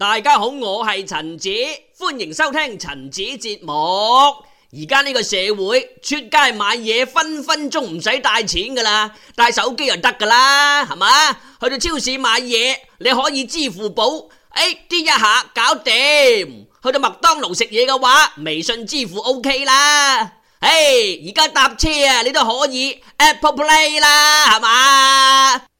大家好，我係陳子，歡迎收聽陳子節目。而家呢個社會出街買嘢分分鐘唔使帶錢噶啦，帶手機就得噶啦，係嘛？去到超市買嘢你可以支付寶，哎，滴一下搞掂。去到麥當勞食嘢嘅話，微信支付 OK 啦。哎，而家搭車啊，你都可以 Apple Play 啦，係嘛？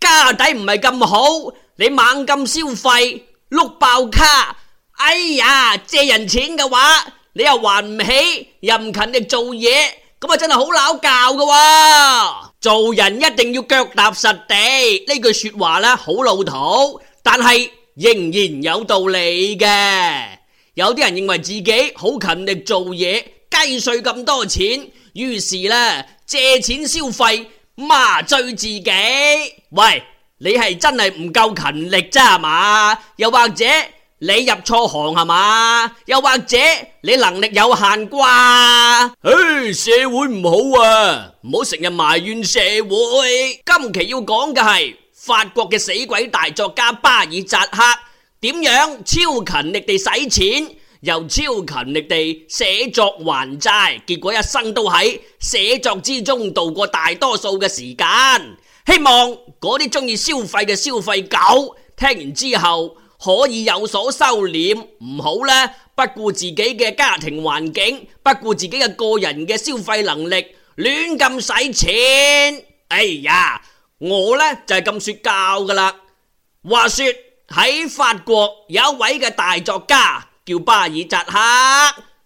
家底唔係咁好，你猛咁消費，碌爆卡，哎呀！借人錢嘅話，你又還唔起，又唔勤力做嘢，咁啊真係好拗教嘅。做人一定要腳踏實地，呢句說話呢，好老土，但係仍然有道理嘅。有啲人認為自己好勤力做嘢，雞碎咁多錢，於是呢，借錢消費。麻醉自己？喂，你係真係唔夠勤力啫，係嘛？又或者你入錯行係嘛？又或者你能力有限啩？唉，社會唔好啊，唔好成日埋怨社會。今期要講嘅係法國嘅死鬼大作家巴爾扎克，點樣超勤力地使錢？又超勤力地寫作還債，結果一生都喺寫作之中度過大多數嘅時間。希望嗰啲鍾意消費嘅消費狗聽完之後可以有所收斂，唔好呢，不顧自己嘅家庭環境，不顧自己嘅個人嘅消費能力亂咁使錢。哎呀，我呢就係、是、咁說教噶啦。話說喺法國有一位嘅大作家。叫巴爾扎克，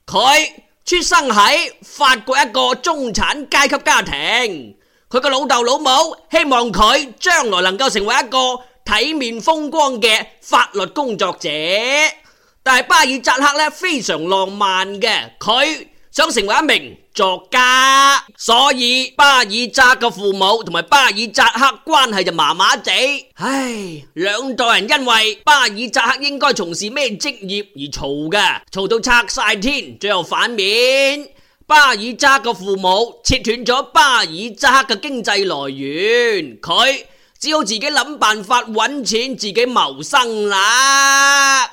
佢出生喺法國一個中產階級家庭，佢個老豆老母希望佢將來能夠成為一個體面風光嘅法律工作者，但係巴爾扎克呢，非常浪漫嘅，佢。想成為一名作家，所以巴爾扎克父母同埋巴爾扎克關係就麻麻地。唉，兩代人因為巴爾扎克應該從事咩職業而嘈嘅，嘈到拆晒天，最後反面，巴爾扎克父母切斷咗巴爾扎克嘅經濟來源，佢只好自己諗辦法搵錢，自己謀生啦。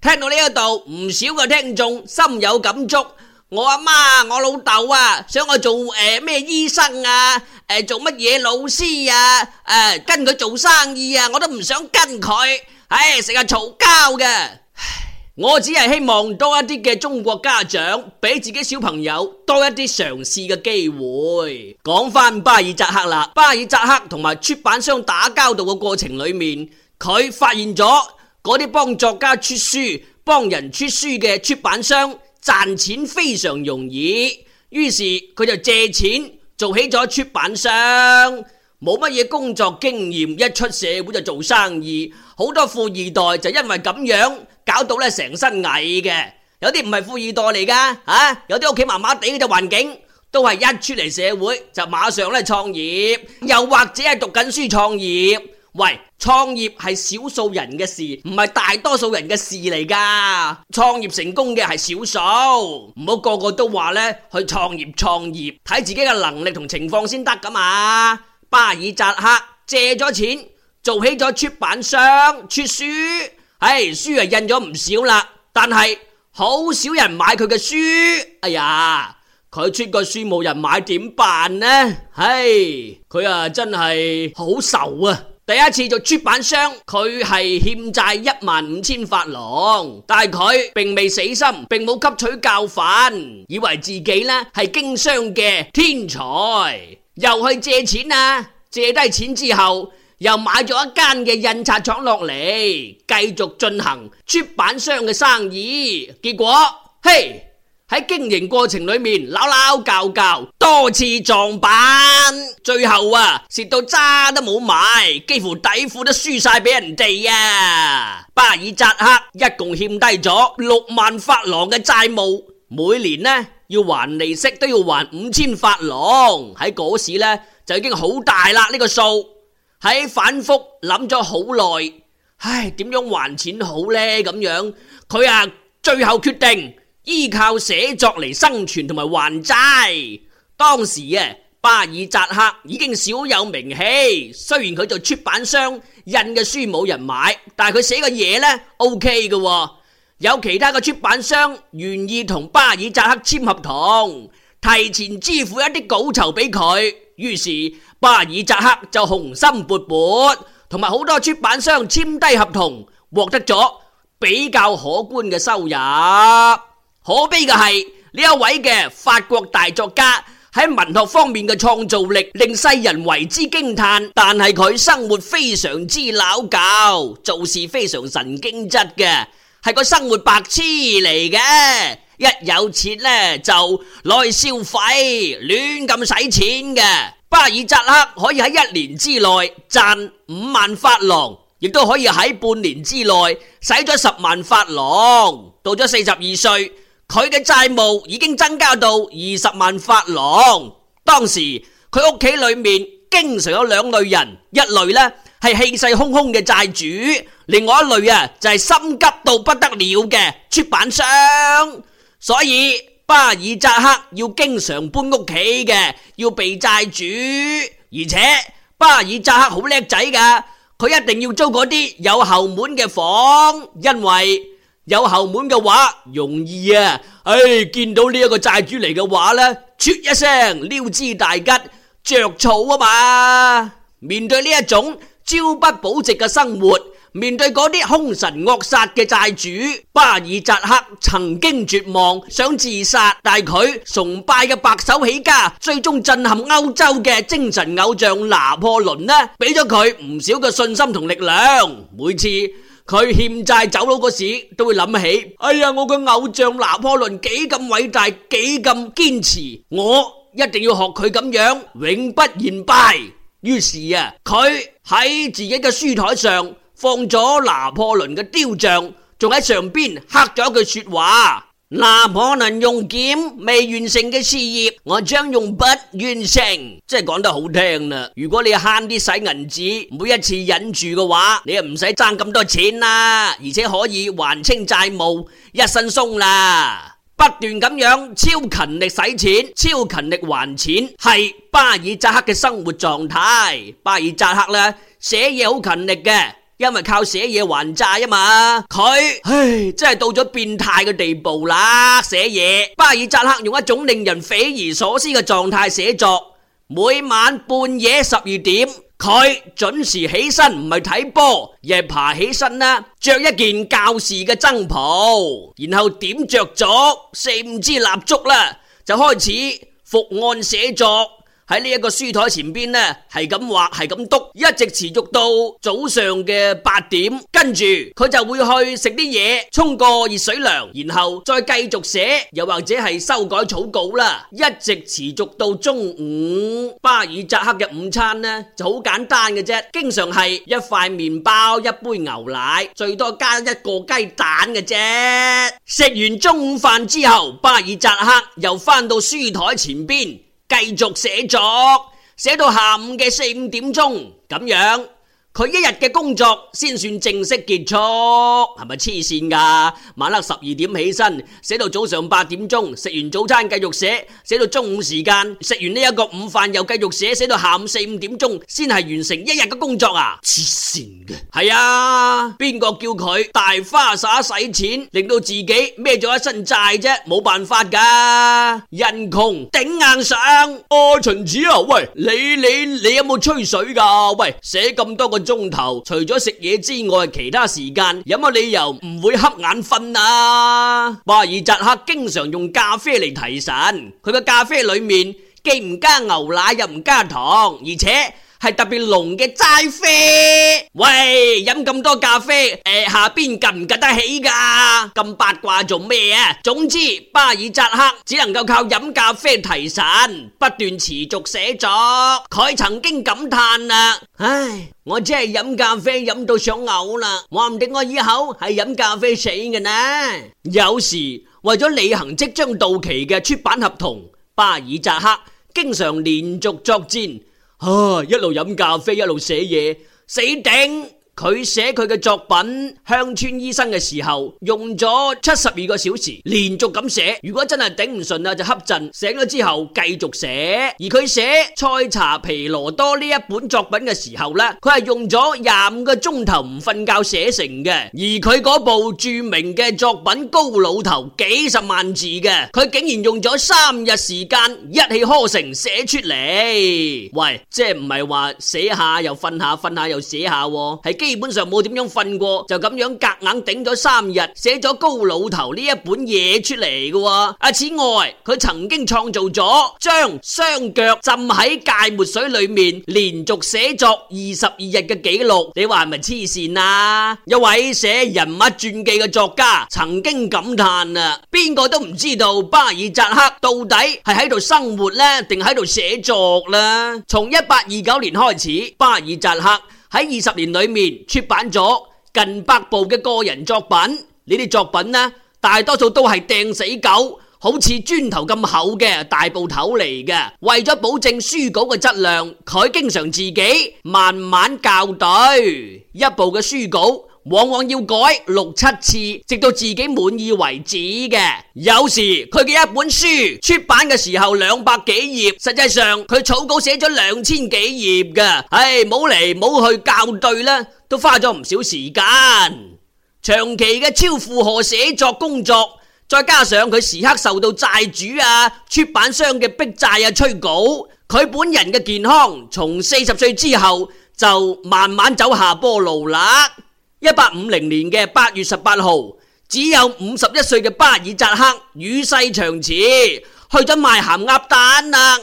聽到呢一度，唔少嘅聽眾心有感觸。我阿媽、我老豆啊，想我做咩、呃、醫生啊？呃、做乜嘢老師啊？呃、跟佢做生意啊？我都唔想跟佢、哎，唉，成日嘈交嘅。我只係希望多一啲嘅中國家長，俾自己小朋友多一啲嘗試嘅機會。講返巴爾扎克啦，巴爾扎克同埋出版商打交道嘅過程裏面，佢發現咗嗰啲幫作家出書、幫人出書嘅出版商。賺錢非常容易，於是佢就借錢做起咗出版商，冇乜嘢工作經驗，一出社會就做生意。好多富二代就因為咁樣搞到呢成身蟻嘅，有啲唔係富二代嚟㗎，有啲屋企麻麻地嘅就環境，都係一出嚟社會就馬上咧創業，又或者係讀緊書創業。喂，創業係少數人嘅事，唔係大多數人嘅事嚟噶。創業成功嘅係少數，唔好個個都話呢去創業創業，睇自己嘅能力同情況先得噶嘛。巴爾扎克借咗錢做起咗出版商出書，唉，書啊印咗唔少啦，但係好少人買佢嘅書。哎呀，佢出個書冇人買，點辦呢？唉，佢啊真係好愁啊！第一次做出版商，佢係欠債一萬五千法郎，但係佢並未死心，並冇吸取教訓，以為自己咧係經商嘅天才，又去借錢啦，借低錢之後，又買咗一間嘅印刷廠落嚟，繼續進行出版商嘅生意，結果，嘿、hey！喺經營過程裏面，撈撈教教多次撞板，最後啊，蝕到渣都冇買，幾乎底褲都輸晒俾人哋啊！巴爾扎克一共欠低咗六萬法郎嘅債務，每年呢要還利息都要還五千法郎，喺嗰時呢就已經好大啦呢、呢個數。喺反覆諗咗好耐，唉，點樣還錢好呢？咁樣，佢啊，最後決定。依靠寫作嚟生存同埋還債。當時啊，巴爾扎克已經小有名氣。雖然佢做出版商印嘅書冇人買，但係佢寫嘅嘢呢，OK 嘅。有其他嘅出版商願意同巴爾扎克簽合同，提前支付一啲稿酬俾佢。於是巴爾扎克就雄心勃勃，同埋好多出版商簽低合同，獲得咗比較可觀嘅收入。可悲嘅係呢一位嘅法國大作家喺文學方面嘅創造力令世人為之驚嘆，但係佢生活非常之潦倒，做事非常神經質嘅，係個生活白痴嚟嘅。一有錢呢，就攞去消費，亂咁使錢嘅。巴爾扎克可以喺一年之內賺五萬法郎，亦都可以喺半年之內使咗十萬法郎。到咗四十二歲。佢嘅債務已經增加到二十萬法郎。當時佢屋企裏面經常有兩類人，一類呢係氣勢洶洶嘅債主，另外一類啊就係、是、心急到不得了嘅出版商。所以巴爾扎克要經常搬屋企嘅，要避債主。而且巴爾扎克好叻仔噶，佢一定要租嗰啲有後門嘅房，因為。有後門嘅話容易啊！唉、哎，見到呢一個債主嚟嘅話呢，出一聲溜之大吉，着草啊嘛！面對呢一種朝不保夕嘅生活，面對嗰啲凶神惡煞嘅債主，巴爾扎克曾經絕望想自殺，但佢崇拜嘅白手起家，最終震撼歐洲嘅精神偶像拿破崙呢，俾咗佢唔少嘅信心同力量，每次。佢欠債走佬嗰時都會諗起，哎呀，我個偶像拿破崙幾咁偉大，幾咁堅持，我一定要學佢咁樣永不言敗。於是啊，佢喺自己嘅書台上放咗拿破崙嘅雕像，仲喺上面刻咗一句說話。那可能用劍未完成嘅事業，我將用筆完成。即係講得好聽啦。如果你慳啲使銀紙，每一次忍住嘅話，你又唔使爭咁多錢啦，而且可以還清債務，一身鬆啦。不斷咁樣超勤力使錢，超勤力還錢，係巴爾扎克嘅生活狀態。巴爾扎克呢，寫嘢好勤力嘅。因為靠寫嘢還債啊嘛，佢唉，真係到咗變態嘅地步啦！寫嘢，巴爾扎克用一種令人匪夷所思嘅狀態寫作。每晚半夜十二點，佢準時起身，唔係睇波，而係爬起身啦，着一件教士嘅僧袍，然後點着咗四五支蠟燭啦，就開始伏案寫作。喺呢一個書台前面呢，係咁畫，係咁篤，一直持續到早上嘅八點，跟住佢就會去食啲嘢，沖個熱水涼，然後再繼續寫，又或者係修改草稿啦，一直持續到中午。巴爾扎克嘅午餐呢，就好簡單嘅啫，經常係一塊麵包，一杯牛奶，最多加一個雞蛋嘅啫。食完中午飯之後，巴爾扎克又翻到書台前邊。繼續寫作，寫到下午嘅四五點鐘，咁樣。佢一日嘅工作先算正式結束，係咪黐線噶？晚黑十二點起身寫到早上八點鐘，食完早餐繼續寫，寫到中午時間，食完呢一個午飯又繼續寫，寫到下午四五點鐘先係完成一日嘅工作啊！黐線嘅，係啊，邊個叫佢大花灑使錢，令到自己孭咗一身債啫，冇辦法噶，人窮頂硬上，哦秦子啊，喂，你你你有冇吹水噶？喂，寫咁多個，鐘頭，除咗食嘢之外，其他時間有乜理由唔會瞌眼瞓呀？巴爾扎克經常用咖啡嚟提神，佢嘅咖啡裏面既唔加牛奶又唔加糖，而且。係特別濃嘅齋啡，喂，飲咁多咖啡，誒，下邊及唔及得起㗎？咁八卦做咩啊？總之，巴爾扎克只能夠靠飲咖啡提神，不斷持續寫作。佢曾經感嘆啊，唉，我真係飲咖啡飲到想嘔啦！我唔定我以後係飲咖啡死嘅呢。有時為咗履行即將到期嘅出版合同，巴爾扎克經常連續作戰。啊，一路飲咖啡，一路寫嘢，死頂。佢寫佢嘅作品《鄉村醫生》嘅時候，用咗七十二個小時連續咁寫。如果真係頂唔順啦，就瞌陣醒咗之後繼續寫。而佢寫《賽查皮羅多》呢一本作品嘅時候呢，佢係用咗廿五個鐘頭唔瞓覺寫成嘅。而佢嗰部著名嘅作品《高老頭》，幾十萬字嘅，佢竟然用咗三日時間一氣呵成寫出嚟。喂，即係唔係話寫下又瞓下，瞓下又寫下，啊，係基基本上冇點樣瞓過，就咁樣夾硬頂咗三日，寫咗高老頭呢一本嘢出嚟嘅。啊，此外，佢曾經創造咗將雙腳浸喺芥末水裏面連續寫作二十二日嘅紀錄。你話係咪黐綫啊？一位寫人物傳記嘅作家曾經感嘆啊：邊個都唔知道巴爾扎克到底係喺度生活呢，定喺度寫作啦？從一八二九年開始，巴爾扎克。喺二十年裏面出版咗近百部嘅個人作品，呢啲作品呢，大多數都係掟死狗，好似磚頭咁厚嘅大部頭嚟嘅。為咗保證書稿嘅質量，佢經常自己慢慢校對一部嘅書稿。往往要改六七次，直到自己滿意為止嘅。有時佢嘅一本書出版嘅時候兩百幾頁，實際上佢草稿寫咗兩千幾頁㗎。唉、哎，冇嚟冇去校對啦，都花咗唔少時間。長期嘅超負荷寫作工作，再加上佢時刻受到債主啊、出版商嘅逼債啊催稿，佢本人嘅健康從四十歲之後就慢慢走下坡路啦。一八五零年嘅八月十八號，只有五十一歲嘅巴爾扎克與世長辭，去咗賣鹹鴨蛋啦。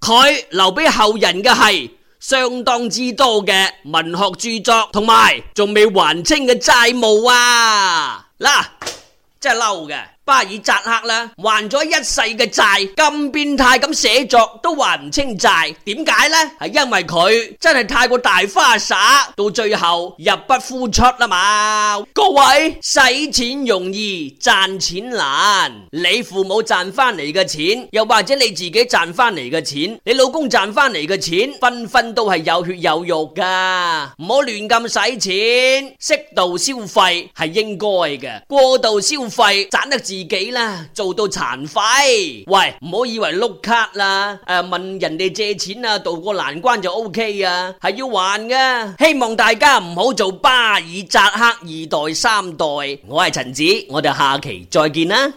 佢留俾後人嘅係相當之多嘅文學著作，同埋仲未還清嘅債務啊！嗱，啊，真係嬲嘅。巴爾扎克啦，還咗一世嘅債，咁變態咁寫作都還唔清債，點解呢？係因為佢真係太過大花灑，到最後入不敷出啦嘛。各位，使錢容易賺錢難。你父母賺翻嚟嘅錢，又或者你自己賺翻嚟嘅錢，你老公賺翻嚟嘅錢，分分都係有血有肉噶，唔好亂咁使錢，適度消費係應該嘅，過度消費賺得自己自己啦，做到殘廢。喂，唔好以為碌卡啦，誒，啊，問人哋借錢啊，渡過難關就 OK 啊，係要還噶。希望大家唔好做巴爾扎克二代三代。我係陳子，我哋下期再見啦。